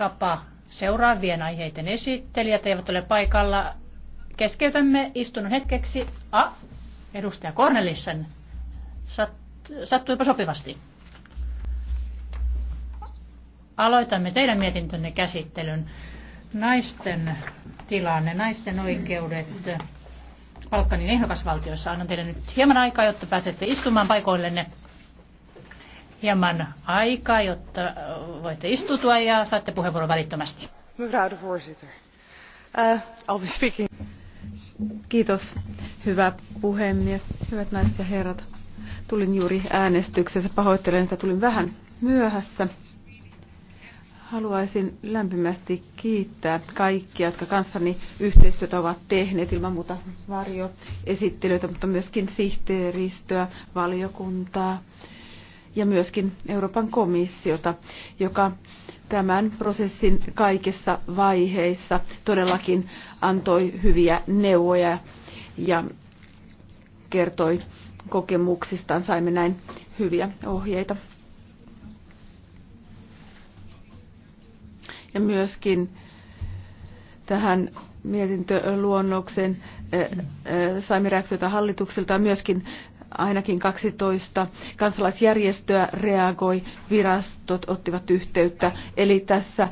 vaikkapa seuraavien aiheiden esittelijät eivät ole paikalla. Keskeytämme istunnon hetkeksi. A. Edustaja Kornelissen. Sat, sattuipa sopivasti. Aloitamme teidän mietintönne käsittelyn. Naisten tilanne, naisten oikeudet Balkanin ehdokasvaltioissa. Annan teille nyt hieman aikaa, jotta pääsette istumaan paikoillenne hieman aikaa, jotta voitte istutua ja saatte puheenvuoron välittömästi. Eh, Kiitos, hyvä puhemies, hyvät naiset ja herrat. Tulin juuri äänestyksessä. Pahoittelen, että tulin vähän myöhässä. Haluaisin lämpimästi kiittää kaikkia, jotka kanssani yhteistyötä ovat tehneet, ilman muuta varjoesittelyitä, mutta myöskin sihteeristöä, valiokuntaa, ja myöskin Euroopan komissiota, joka tämän prosessin kaikissa vaiheissa todellakin antoi hyviä neuvoja ja kertoi kokemuksistaan. Saimme näin hyviä ohjeita. Ja myöskin tähän mietintöluonnokseen eh, eh, saimme reaktiota hallitukselta ja myöskin ainakin 12 kansalaisjärjestöä reagoi, virastot ottivat yhteyttä. Eli tässä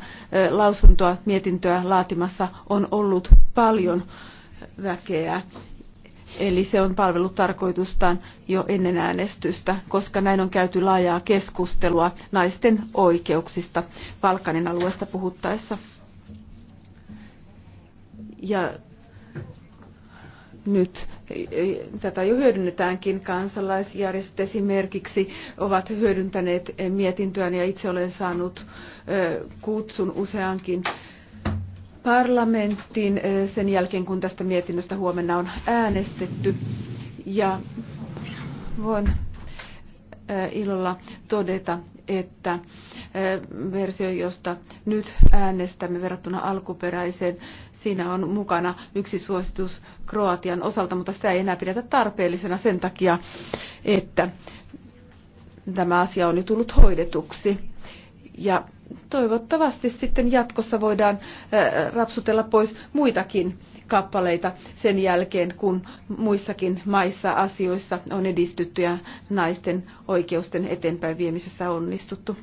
lausuntoa, mietintöä laatimassa on ollut paljon väkeä. Eli se on palvellut tarkoitustaan jo ennen äänestystä, koska näin on käyty laajaa keskustelua naisten oikeuksista Balkanin alueesta puhuttaessa. Ja nyt tätä jo hyödynnetäänkin. Kansalaisjärjestöt esimerkiksi ovat hyödyntäneet mietintöä ja itse olen saanut kutsun useankin parlamenttiin sen jälkeen, kun tästä mietinnöstä huomenna on äänestetty. Ja voin ilolla todeta, että versio, josta nyt äänestämme verrattuna alkuperäiseen. Siinä on mukana yksi suositus Kroatian osalta, mutta sitä ei enää pidetä tarpeellisena sen takia, että tämä asia on tullut hoidetuksi. Ja toivottavasti sitten jatkossa voidaan äh, rapsutella pois muitakin kappaleita sen jälkeen, kun muissakin maissa asioissa on edistytty ja naisten oikeusten eteenpäin viemisessä onnistuttu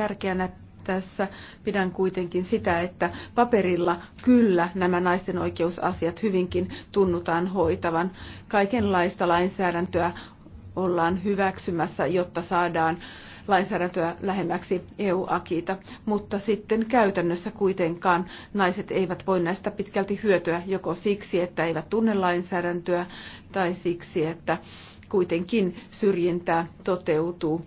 tärkeänä tässä pidän kuitenkin sitä, että paperilla kyllä nämä naisten oikeusasiat hyvinkin tunnutaan hoitavan. Kaikenlaista lainsäädäntöä ollaan hyväksymässä, jotta saadaan lainsäädäntöä lähemmäksi EU-akiita, mutta sitten käytännössä kuitenkaan naiset eivät voi näistä pitkälti hyötyä joko siksi, että eivät tunne lainsäädäntöä tai siksi, että kuitenkin syrjintää toteutuu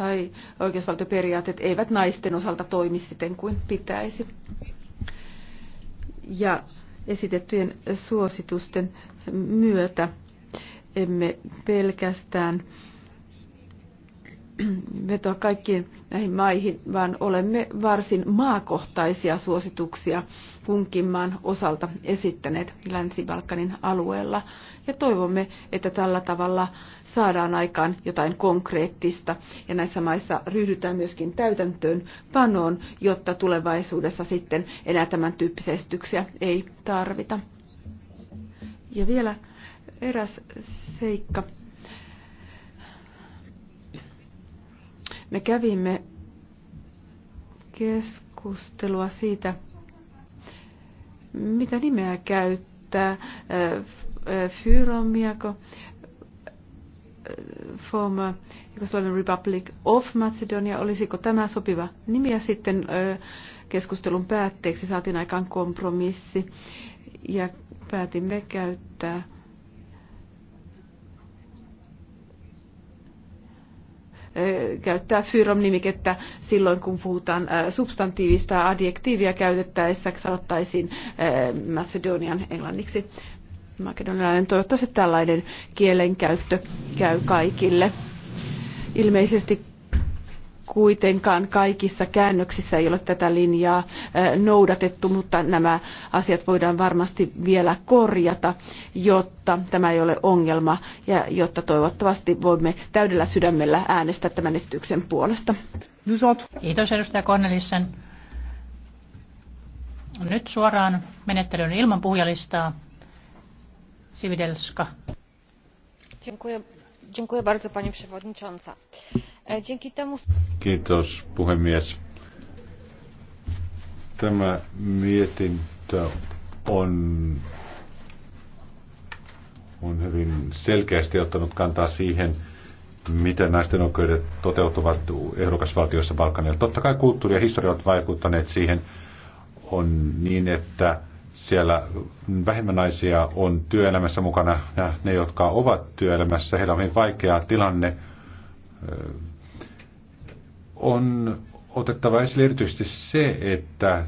tai oikeusvaltioperiaatteet eivät naisten osalta toimi siten kuin pitäisi. Ja esitettyjen suositusten myötä emme pelkästään vetoa kaikkiin näihin maihin, vaan olemme varsin maakohtaisia suosituksia kunkin maan osalta esittäneet Länsi-Balkanin alueella. Ja toivomme, että tällä tavalla saadaan aikaan jotain konkreettista ja näissä maissa ryhdytään myöskin täytäntöön panoon, jotta tulevaisuudessa sitten enää tämän tyyppisiä esityksiä ei tarvita. Ja vielä eräs seikka Me kävimme keskustelua siitä, mitä nimeä käyttää, äh, Fyromiako, äh, former Yugoslavian Republic of Macedonia, olisiko tämä sopiva nimi ja sitten äh, keskustelun päätteeksi saatiin aikaan kompromissi ja päätimme käyttää käyttää fyrom-nimikettä silloin, kun puhutaan substantiivista adjektiivia käytettäessä, sanottaisiin Macedonian englanniksi. Makedonialainen toivottavasti tällainen kielenkäyttö käy kaikille. Ilmeisesti kuitenkaan kaikissa käännöksissä ei ole tätä linjaa noudatettu, mutta nämä asiat voidaan varmasti vielä korjata, jotta tämä ei ole ongelma ja jotta toivottavasti voimme täydellä sydämellä äänestää tämän esityksen puolesta. Kiitos edustaja Cornelissen. Nyt suoraan menettelyyn ilman puhujalistaa. Sividelska. Dziękuję, dziękuję bardzo Pani Przewodnicząca E, Kiitos puhemies. Tämä mietintö on, on hyvin selkeästi ottanut kantaa siihen, miten naisten oikeudet toteutuvat ehdokasvaltioissa Balkanilla. Totta kai kulttuuri ja historia ovat vaikuttaneet siihen. On niin, että siellä vähemmän naisia on työelämässä mukana ja ne, jotka ovat työelämässä, heillä on hyvin vaikea tilanne on otettava esille erityisesti se, että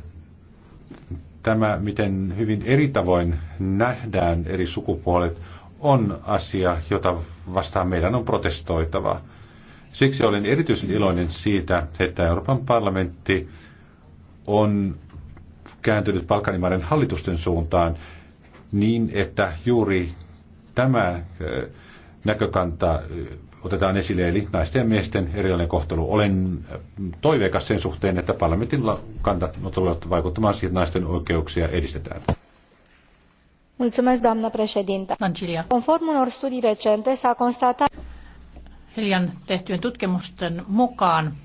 tämä, miten hyvin eri tavoin nähdään eri sukupuolet, on asia, jota vastaan meidän on protestoitava. Siksi olen erityisen iloinen siitä, että Euroopan parlamentti on kääntynyt Balkanimaiden hallitusten suuntaan niin, että juuri tämä näkökanta otetaan esille, eli naisten ja miesten erilainen kohtelu. Olen toiveikas sen suhteen, että parlamentin kantat tulevat vaikuttamaan siihen, että naisten oikeuksia edistetään. Mulțumesc, doamnă președintă. Conform unor studii recente s-a constatat... Hiljan tehtyjen tutkimusten mukaan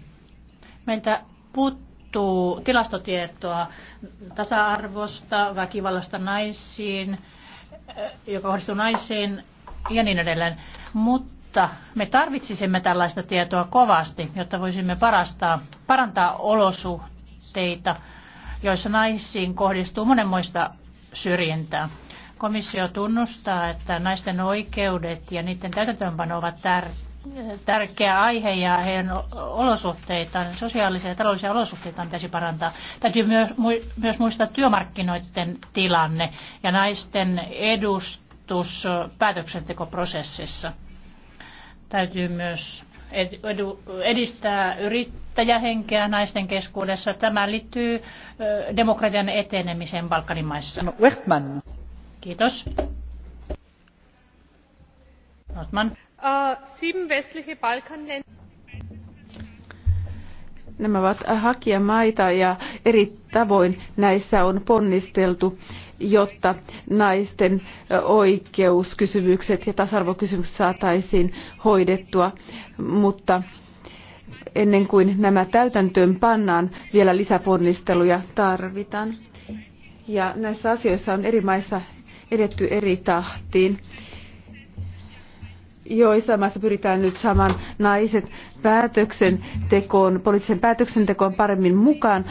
meiltä puuttuu tilastotietoa tasa-arvosta, väkivallasta naisiin, joka kohdistuu naisiin ja niin edelleen. Mutta me tarvitsisimme tällaista tietoa kovasti, jotta voisimme parastaa, parantaa olosuhteita, joissa naisiin kohdistuu monenmoista syrjintää. Komissio tunnustaa, että naisten oikeudet ja niiden täytäntöönpano ovat tärkeitä tärkeä aihe ja heidän olosuhteitaan, sosiaalisia ja taloudellisia olosuhteitaan pitäisi parantaa. Täytyy myös, muistaa työmarkkinoiden tilanne ja naisten edus, edustus päätöksentekoprosessissa. Täytyy myös edistää yrittäjähenkeä naisten keskuudessa. Tämä liittyy demokratian etenemiseen Balkanin maissa. No, Kiitos. Notman. Äh, Nämä ovat hakijamaita ja eri tavoin näissä on ponnisteltu jotta naisten oikeuskysymykset ja tasa-arvokysymykset saataisiin hoidettua, mutta ennen kuin nämä täytäntöön pannaan, vielä lisäponnisteluja tarvitaan. Ja näissä asioissa on eri maissa edetty eri tahtiin. Joissa maissa pyritään nyt saamaan naiset päätöksentekoon, poliittisen päätöksentekoon paremmin mukaan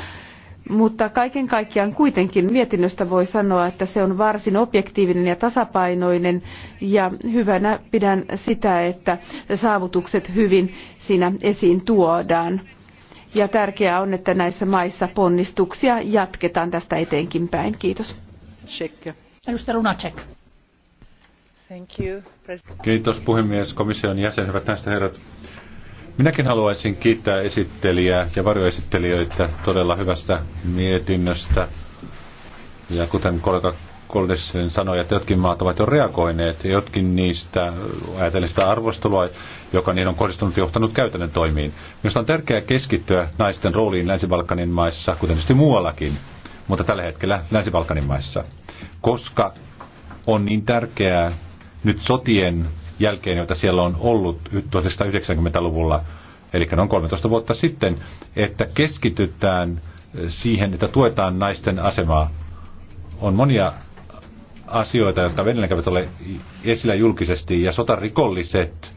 mutta kaiken kaikkiaan kuitenkin mietinnöstä voi sanoa, että se on varsin objektiivinen ja tasapainoinen ja hyvänä pidän sitä, että saavutukset hyvin siinä esiin tuodaan. Ja tärkeää on, että näissä maissa ponnistuksia jatketaan tästä eteenkin päin. Kiitos. Check. Lunacek. Thank you, Kiitos puhemies, komission jäsen, hyvät näistä herrat. Minäkin haluaisin kiittää esittelijää ja varjoesittelijöitä todella hyvästä mietinnöstä. Ja kuten kollega Koldessin sanoi, että jotkin maat ovat jo reagoineet, jotkin niistä, ajatellen sitä arvostelua, joka niin on kohdistunut johtanut käytännön toimiin. Minusta on tärkeää keskittyä naisten rooliin Länsi-Balkanin maissa, kuten tietysti muuallakin, mutta tällä hetkellä Länsi-Balkanin maissa. Koska on niin tärkeää nyt sotien jälkeen, joita siellä on ollut 1990-luvulla, eli noin 13 vuotta sitten, että keskitytään eh, siihen, että tuetaan naisten asemaa. On monia asioita, jotka venäläkävät ole esillä julkisesti, ja sotarikolliset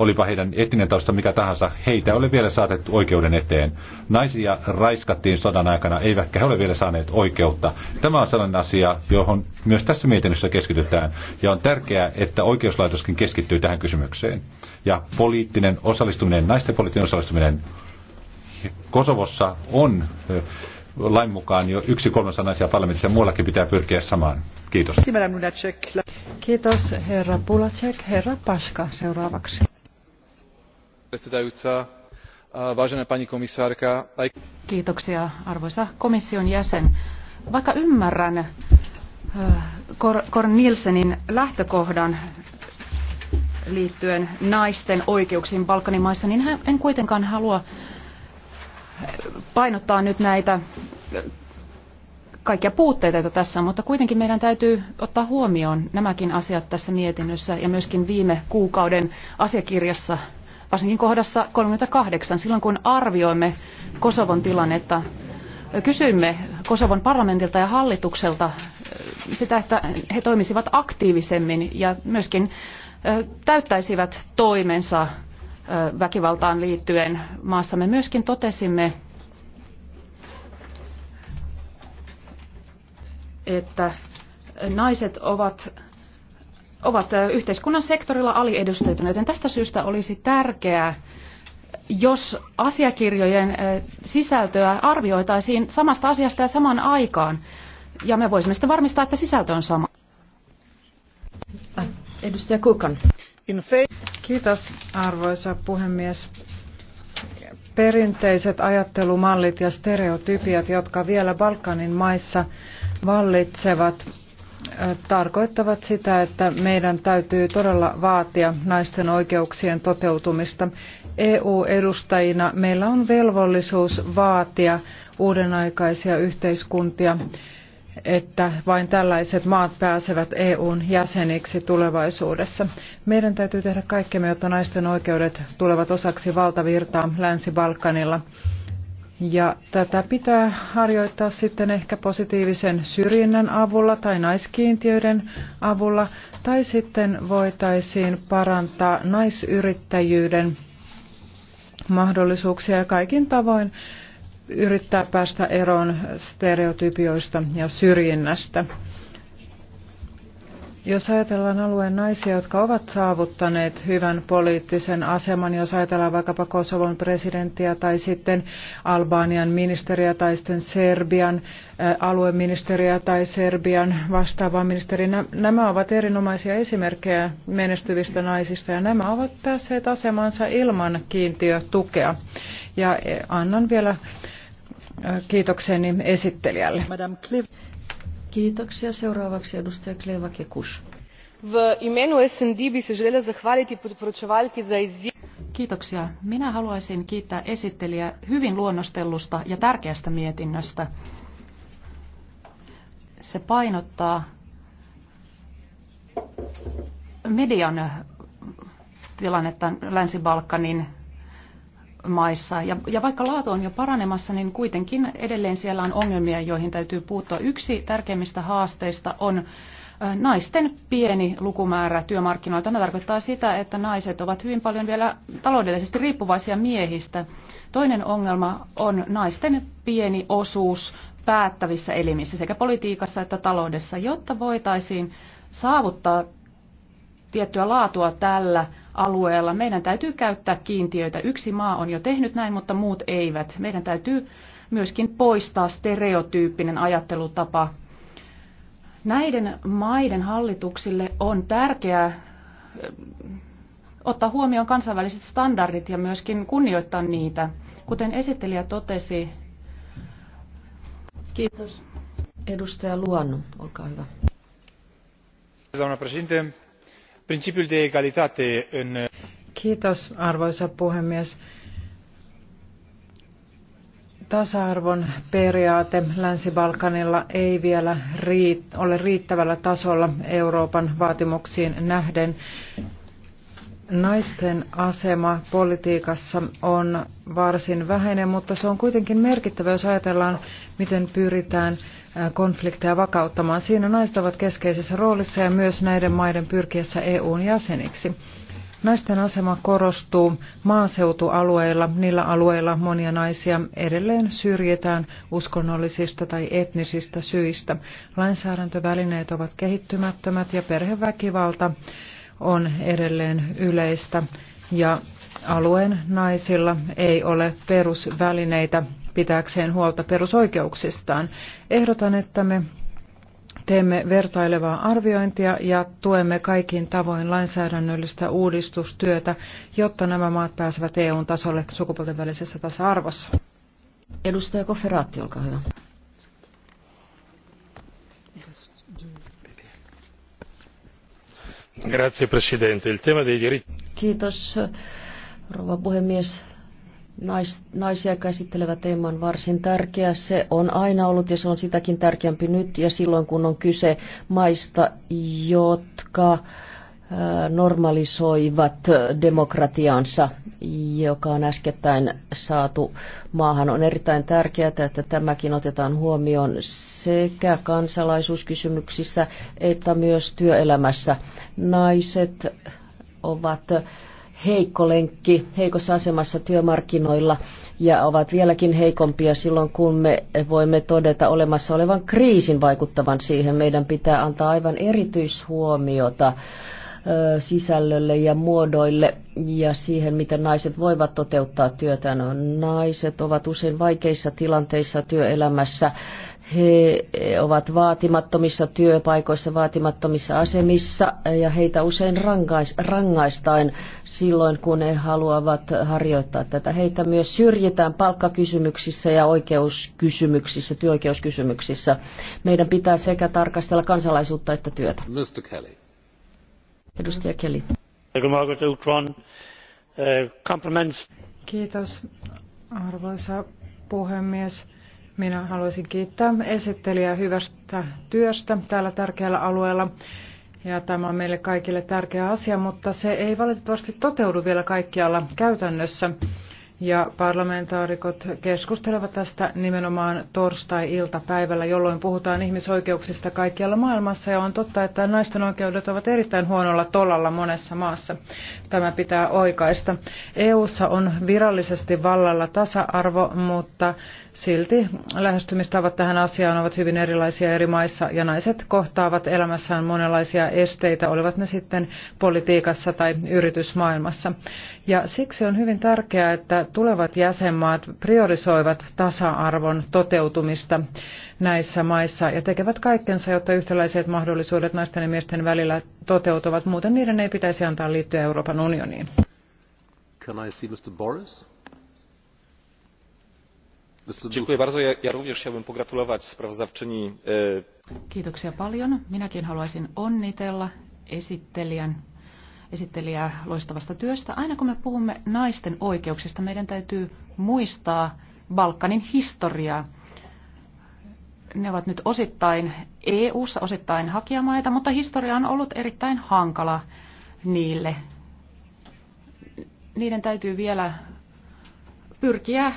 olipa heidän etninen tausta mikä tahansa, heitä oli vielä saatettu oikeuden eteen. Naisia raiskattiin sodan aikana, eivätkä he ole vielä saaneet oikeutta. Tämä on sellainen asia, johon myös tässä mietinnössä keskitytään, ja on tärkeää, että oikeuslaitoskin keskittyy tähän kysymykseen. Ja poliittinen osallistuminen, naisten poliittinen osallistuminen Kosovossa on lain mukaan jo yksi kolmasosa naisia parlamentissa ja muuallakin pitää pyrkiä samaan. Kiitos. Kiitos herra Pulacek. Herra Paska seuraavaksi. Kiitoksia arvoisa komission jäsen. Vaikka ymmärrän eh, Korn Nielsenin lähtökohdan liittyen naisten oikeuksiin Balkanin maissa, niin en kuitenkaan halua eh, painottaa nyt näitä eh, kaikkia puutteita, joita tässä on, mutta kuitenkin meidän täytyy ottaa huomioon nämäkin asiat tässä mietinnössä ja myöskin viime kuukauden asiakirjassa varsinkin kohdassa 38, silloin kun arvioimme Kosovon tilannetta, kysyimme Kosovon parlamentilta ja hallitukselta äh, sitä, että he toimisivat aktiivisemmin ja myöskin äh, täyttäisivät toimensa äh, väkivaltaan liittyen maassa. Me myöskin totesimme, että naiset ovat ovat yhteiskunnan sektorilla aliedustettuneet, joten tästä syystä olisi tärkeää, jos asiakirjojen sisältöä arvioitaisiin samasta asiasta ja samaan aikaan, ja me voisimme sitten varmistaa, että sisältö on sama. Äh, edustaja Kukan. Kiitos, arvoisa puhemies. Perinteiset ajattelumallit ja stereotypiat, jotka vielä Balkanin maissa vallitsevat, tarkoittavat sitä, että meidän täytyy todella vaatia naisten oikeuksien toteutumista. EU-edustajina meillä on velvollisuus vaatia uudenaikaisia yhteiskuntia, että vain tällaiset maat pääsevät EUn jäseniksi tulevaisuudessa. Meidän täytyy tehdä kaikkemme, jotta naisten oikeudet tulevat osaksi valtavirtaa Länsi-Balkanilla. Ja tätä pitää harjoittaa sitten ehkä positiivisen syrjinnän avulla tai naiskiintiöiden avulla, tai sitten voitaisiin parantaa naisyrittäjyyden mahdollisuuksia ja kaikin tavoin yrittää päästä eroon stereotypioista ja syrjinnästä. Jos ajatellaan alueen naisia, jotka ovat saavuttaneet hyvän poliittisen aseman, jos ajatellaan vaikkapa Kosovon presidenttiä tai sitten Albanian ministeriä tai sitten Serbian äh, alueministeriä tai Serbian vastaavaa ministeriä, nämä ovat erinomaisia esimerkkejä menestyvistä naisista ja nämä ovat päässeet asemansa ilman kiintiötukea. Ja eh, annan vielä äh, kiitokseni esittelijälle. Madame Cliff. Kiitoksia. Seuraavaksi edustaja Kleva Kekus. V imenu SND bi se želela zahvaliti podporočevalki za izjim. Kiitoksia. Minä haluaisin kiittää esittelijä hyvin luonnostellusta ja tärkeästä mietinnöstä. Se painottaa median tilannetta Länsi-Balkanin maissa. Ja, ja vaikka laatu on jo paranemassa, niin kuitenkin edelleen siellä on ongelmia, joihin täytyy puuttua. Yksi tärkeimmistä haasteista on naisten pieni lukumäärä työmarkkinoilla. Tämä tarkoittaa sitä, että naiset ovat hyvin paljon vielä taloudellisesti riippuvaisia miehistä. Toinen ongelma on naisten pieni osuus päättävissä elimissä sekä politiikassa että taloudessa, jotta voitaisiin saavuttaa tiettyä laatua tällä alueella. Meidän täytyy käyttää kiintiöitä. Yksi maa on jo tehnyt näin, mutta muut eivät. Meidän täytyy myöskin poistaa stereotyyppinen ajattelutapa. Näiden maiden hallituksille on tärkeää eh, ottaa huomioon kansainväliset standardit ja myöskin kunnioittaa niitä. Kuten esittelijä totesi, kiitos. Edustaja Luonno, olkaa hyvä principiul de egalitate în... Kiitos, arvoisa puhemies. Tasa-arvon periaate Länsi-Balkanilla ei vielä ole riittävällä tasolla Euroopan vaatimuksiin nähden. Naisten asema politiikassa on varsin vähäinen, mutta se on kuitenkin merkittävä, jos ajatellaan, miten pyritään konflikteja vakauttamaan. Siinä naiset ovat keskeisessä roolissa ja myös näiden maiden pyrkiessä EUn jäseniksi. Naisten asema korostuu maaseutualueilla, niillä alueilla monia naisia edelleen syrjitään uskonnollisista tai etnisistä syistä. Lainsäädäntövälineet ovat kehittymättömät ja perheväkivalta on edelleen yleistä ja alueen naisilla ei ole perusvälineitä pitääkseen huolta perusoikeuksistaan. Ehdotan, että me teemme vertailevaa arviointia ja tuemme kaikin tavoin lainsäädännöllistä uudistustyötä, jotta nämä maat pääsevät EUn tasolle sukupuolten välisessä tasa-arvossa. Edustaja Kofferaatti, olkaa hyvä. Grazie Presidente. Il tema dei diritti... Kiitos, rouva puhemies. Nais, naisia käsittelevä teema on varsin tärkeä. Se on aina ollut ja se on sitäkin tärkeämpi nyt ja silloin kun on kyse maista, jotka äh, normalisoivat demokratiansa, joka on äskettäin saatu maahan. On erittäin tärkeää, että tämäkin otetaan huomioon sekä kansalaisuuskysymyksissä että myös työelämässä. Naiset ovat heikko lenkki, heikossa asemassa työmarkkinoilla ja ovat vieläkin heikompia silloin, kun me voimme todeta olemassa olevan kriisin vaikuttavan siihen. Meidän pitää antaa aivan erityishuomiota sisällölle ja muodoille ja siihen, miten naiset voivat toteuttaa No, Naiset ovat usein vaikeissa tilanteissa työelämässä he ovat vaatimattomissa työpaikoissa, vaatimattomissa asemissa ja heitä usein rangais, rangaistaan silloin, kun he haluavat harjoittaa tätä. Heitä myös syrjitään palkkakysymyksissä ja oikeuskysymyksissä, työoikeuskysymyksissä. Meidän pitää sekä tarkastella kansalaisuutta että työtä. Mr. Kelly. Edustaja Kelly. Kiitos, arvoisa puhemies minä haluaisin kiittää esittelijää hyvästä työstä täällä tärkeällä alueella. Ja tämä on meille kaikille tärkeä asia, mutta se ei valitettavasti toteudu vielä kaikkialla käytännössä ja parlamentaarikot keskustelevat tästä nimenomaan torstai-iltapäivällä, jolloin puhutaan ihmisoikeuksista kaikkialla maailmassa ja on totta, että naisten oikeudet ovat erittäin huonolla tolalla monessa maassa. Tämä pitää oikaista. EU:ssa on virallisesti vallalla tasa-arvo, mutta silti lähestymistavat tähän asiaan ovat hyvin erilaisia eri maissa ja naiset kohtaavat elämässään monenlaisia esteitä, olivat ne sitten politiikassa tai yritysmaailmassa. Ja siksi on hyvin tärkeää, että tulevat jäsenmaat priorisoivat tasa-arvon toteutumista näissä maissa ja tekevät kaikkensa, jotta yhtäläiset mahdollisuudet naisten ja miesten välillä toteutuvat. Muuten niiden ei pitäisi antaa liittyä Euroopan unioniin. Can I see Mr. Boris? ja również chciałbym pogratulować sprawozdawczyni. E, Kiitoksia paljon. Minäkin haluaisin onnitella esittelijän esittelijää loistavasta työstä. Aina kun me puhumme naisten oikeuksista, meidän täytyy muistaa Balkanin historiaa. Ne ovat nyt osittain EU-ssa, osittain hakijamaita, mutta historia on ollut erittäin hankala niille. Niiden täytyy vielä pyrkiä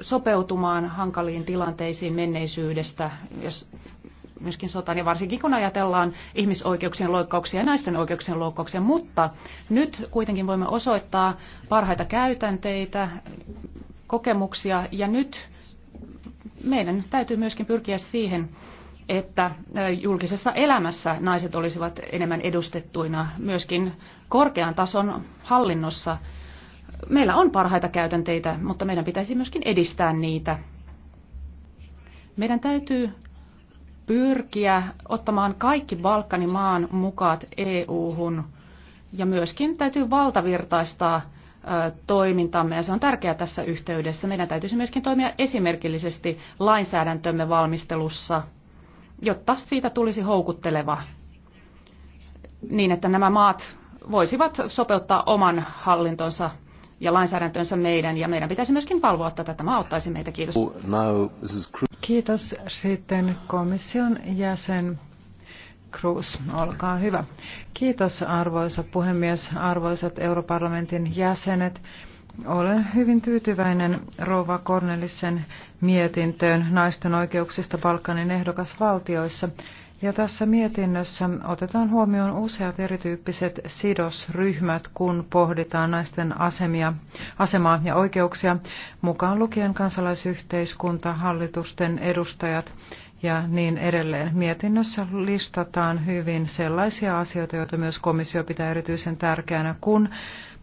sopeutumaan hankaliin tilanteisiin menneisyydestä, jos myöskin sotaan, ja varsinkin kun ajatellaan ihmisoikeuksien loukkauksia ja naisten oikeuksien loukkauksia. Mutta nyt kuitenkin voimme osoittaa parhaita käytänteitä, kokemuksia, ja nyt meidän täytyy myöskin pyrkiä siihen, että julkisessa elämässä naiset olisivat enemmän edustettuina myöskin korkean tason hallinnossa. Meillä on parhaita käytänteitä, mutta meidän pitäisi myöskin edistää niitä. Meidän täytyy pyrkiä ottamaan kaikki Balkanin maan mukaat EU-hun ja myöskin täytyy valtavirtaistaa toimintamme ja se on tärkeää tässä yhteydessä. Meidän täytyisi myöskin toimia esimerkillisesti lainsäädäntömme valmistelussa, jotta siitä tulisi houkutteleva niin, että nämä maat voisivat sopeuttaa oman hallintonsa ja lainsäädäntönsä meidän, ja meidän pitäisi myöskin valvoa tätä. Tämä auttaisi meitä. Kiitos. Kiitos. Sitten komission jäsen Cruz, olkaa hyvä. Kiitos arvoisa puhemies, arvoisat europarlamentin jäsenet. Olen hyvin tyytyväinen Rova Cornelissen mietintöön naisten oikeuksista Balkanin ehdokasvaltioissa. Ja tässä mietinnössä otetaan huomioon useat erityyppiset sidosryhmät, kun pohditaan naisten asemia, asemaa ja oikeuksia, mukaan lukien kansalaisyhteiskunta, hallitusten edustajat ja niin edelleen. Mietinnössä listataan hyvin sellaisia asioita, joita myös komissio pitää erityisen tärkeänä, kun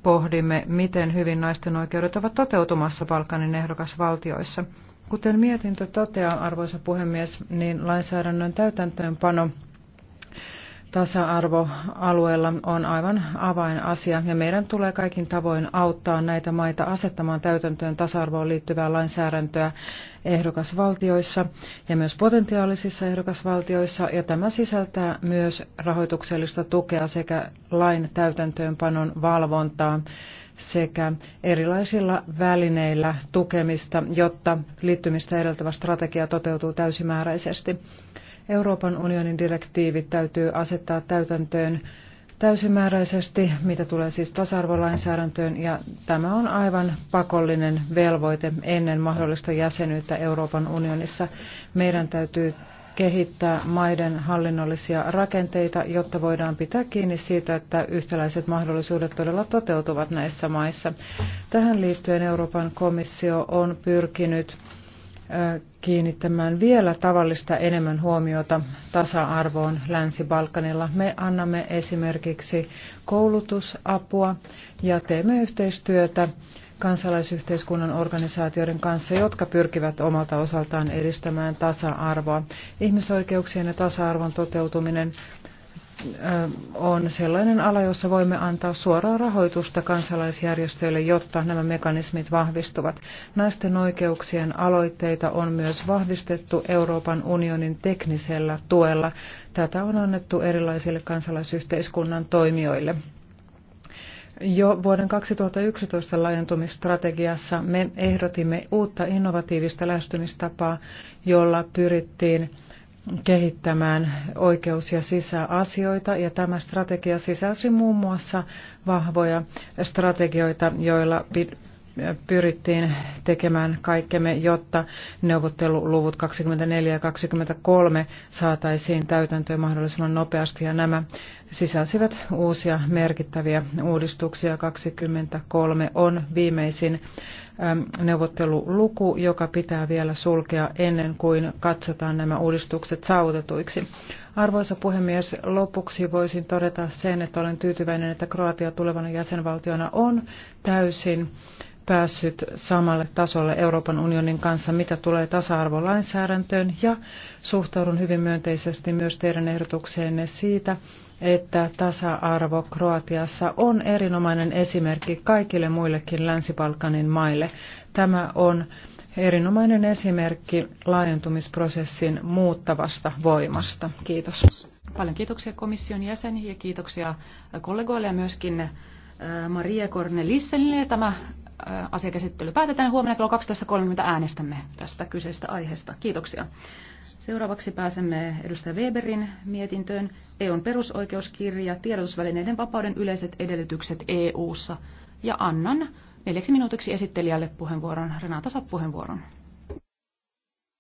pohdimme, miten hyvin naisten oikeudet ovat toteutumassa Balkanin ehdokasvaltioissa. Kuten mietintö toteaa, arvoisa puhemies, niin lainsäädännön täytäntöönpano tasa-arvoalueella on aivan avainasia ja meidän tulee kaikin tavoin auttaa näitä maita asettamaan täytäntöön tasa-arvoon liittyvää lainsäädäntöä ehdokasvaltioissa ja myös potentiaalisissa ehdokasvaltioissa ja tämä sisältää myös rahoituksellista tukea sekä lain täytäntöönpanon valvontaa sekä erilaisilla välineillä tukemista, jotta liittymistä edeltävä strategia toteutuu täysimääräisesti. Euroopan unionin direktiivit täytyy asettaa täytäntöön täysimääräisesti, mitä tulee siis tasa-arvolainsäädäntöön, ja tämä on aivan pakollinen velvoite ennen mahdollista jäsenyyttä Euroopan unionissa. Meidän täytyy kehittää maiden hallinnollisia rakenteita, jotta voidaan pitää kiinni siitä, että yhtäläiset mahdollisuudet todella toteutuvat näissä maissa. Tähän liittyen Euroopan komissio on pyrkinyt kiinnittämään vielä tavallista enemmän huomiota tasa-arvoon Länsi-Balkanilla. Me annamme esimerkiksi koulutusapua ja teemme yhteistyötä kansalaisyhteiskunnan organisaatioiden kanssa, jotka pyrkivät omalta osaltaan edistämään tasa-arvoa. Ihmisoikeuksien ja tasa-arvon toteutuminen on sellainen ala, jossa voimme antaa suoraa rahoitusta kansalaisjärjestöille, jotta nämä mekanismit vahvistuvat. Naisten oikeuksien aloitteita on myös vahvistettu Euroopan unionin teknisellä tuella. Tätä on annettu erilaisille kansalaisyhteiskunnan toimijoille. Jo vuoden 2011 laajentumistrategiassa me ehdotimme uutta innovatiivista lähestymistapaa, jolla pyrittiin kehittämään oikeus- ja sisäasioita, ja tämä strategia sisälsi muun muassa vahvoja strategioita, joilla pyrittiin tekemään kaikkemme, jotta neuvotteluluvut 24 ja 23 saataisiin täytäntöön mahdollisimman nopeasti, ja nämä sisälsivät uusia merkittäviä uudistuksia. 23 on viimeisin ähm, neuvotteluluku, joka pitää vielä sulkea ennen kuin katsotaan nämä uudistukset saavutetuiksi. Arvoisa puhemies, lopuksi voisin todeta sen, että olen tyytyväinen, että Kroatia tulevana jäsenvaltiona on täysin päässyt samalle tasolle Euroopan unionin kanssa, mitä tulee tasa-arvolainsäädäntöön ja Suhtaudun hyvin myönteisesti myös teidän ehdotukseenne siitä, että tasa-arvo Kroatiassa on erinomainen esimerkki kaikille muillekin Länsi-Balkanin maille. Tämä on erinomainen esimerkki laajentumisprosessin muuttavasta voimasta. Kiitos. Paljon kiitoksia komission jäseniä ja kiitoksia kollegoille ja myöskin äh, Maria Cornelissenille. Tämä äh, asiakäsittely päätetään huomenna kello 12.30 äänestämme tästä kyseisestä aiheesta. Kiitoksia. Seuraavaksi pääsemme edustaja Weberin mietintöön EUn perusoikeuskirja, tiedotusvälineiden vapauden yleiset edellytykset EU:ssa ja annan neljäksi minuutiksi esittelijälle puheenvuoron. Renata, saat puheenvuoron.